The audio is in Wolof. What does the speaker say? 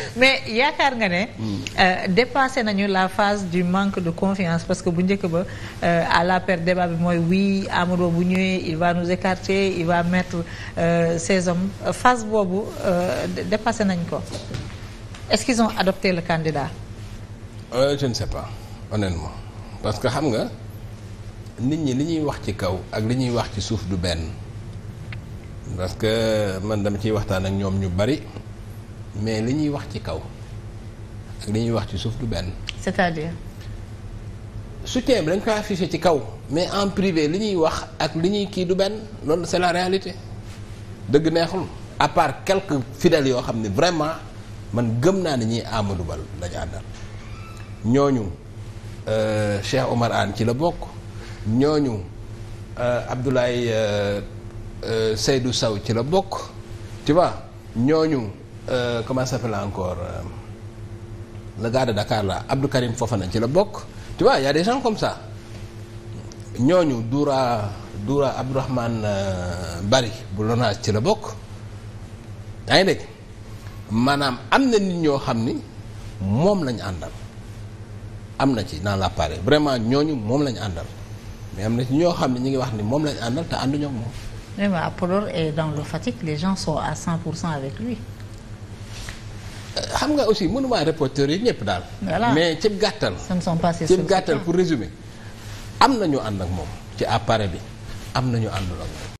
mais yaakaar nga ne. Hmm. Euh, dépassé nañu la phase du manque de confiance parce que bu njëkk ba euh, à la perte débat bi mooy oui Amadou bu ñëwee il va nous écarter il va mettre euh, phase boobu euh, dépassé nañ ko est-ce qu'ils ont adopté le candidat. Euh, je ne sais pas honnêtement parce que xam nga nit ñi li ñuy wax ci kaw ak li ñuy wax ci suuf du benn parce que man dama ciy waxtaan ak ñoom ñu bari. mais li ñuy wax ci kaw ak li ñuy wax ci suuf du benn. c'est-à-dire. soutien bi dañ koy affiché ci kaw mais en privé li ñuy wax ak li ñuy kii du benn loolu c'est la réalité dëgg neexul à part quelques fidèles yoo xam ne vraiment man gëm naa ne ñii Amadou Ba lañu àndal ñooñu euh, Cheikh Omar Anne ci la bokk ñooñu euh, Abdoulaye euh, Seydou Sow ci la bokk tu vois ñooñu. euh, comment ça s'appelle encore euh, le gars de Dakar là Abdou Karim Fofana ci la bokk tu vois y a des gens comme ça ñooñu duura Doura Abdourahmane euh, Bari bu Lonase ci la bokk yaa ngi dégg maanaam am na nit ñoo xam ni moom lañu àndal am na ci dans l'appareil vraiment ñooñu moom lañu àndal mais am na ci ñoo xam ne ñu ngi wax ni moom lañu àndal te ànduñu ak moom. vraiment à Podor et dans le Fatick les gens sont à 100 pour cent avec lui. xam nga aussi mënumaa reporter yi ñëpp daal. mais cib gàttal. cib gàttal pour résumer. am na ñu ànd ak moom ci appareil bi am na ñu àndul ak moom.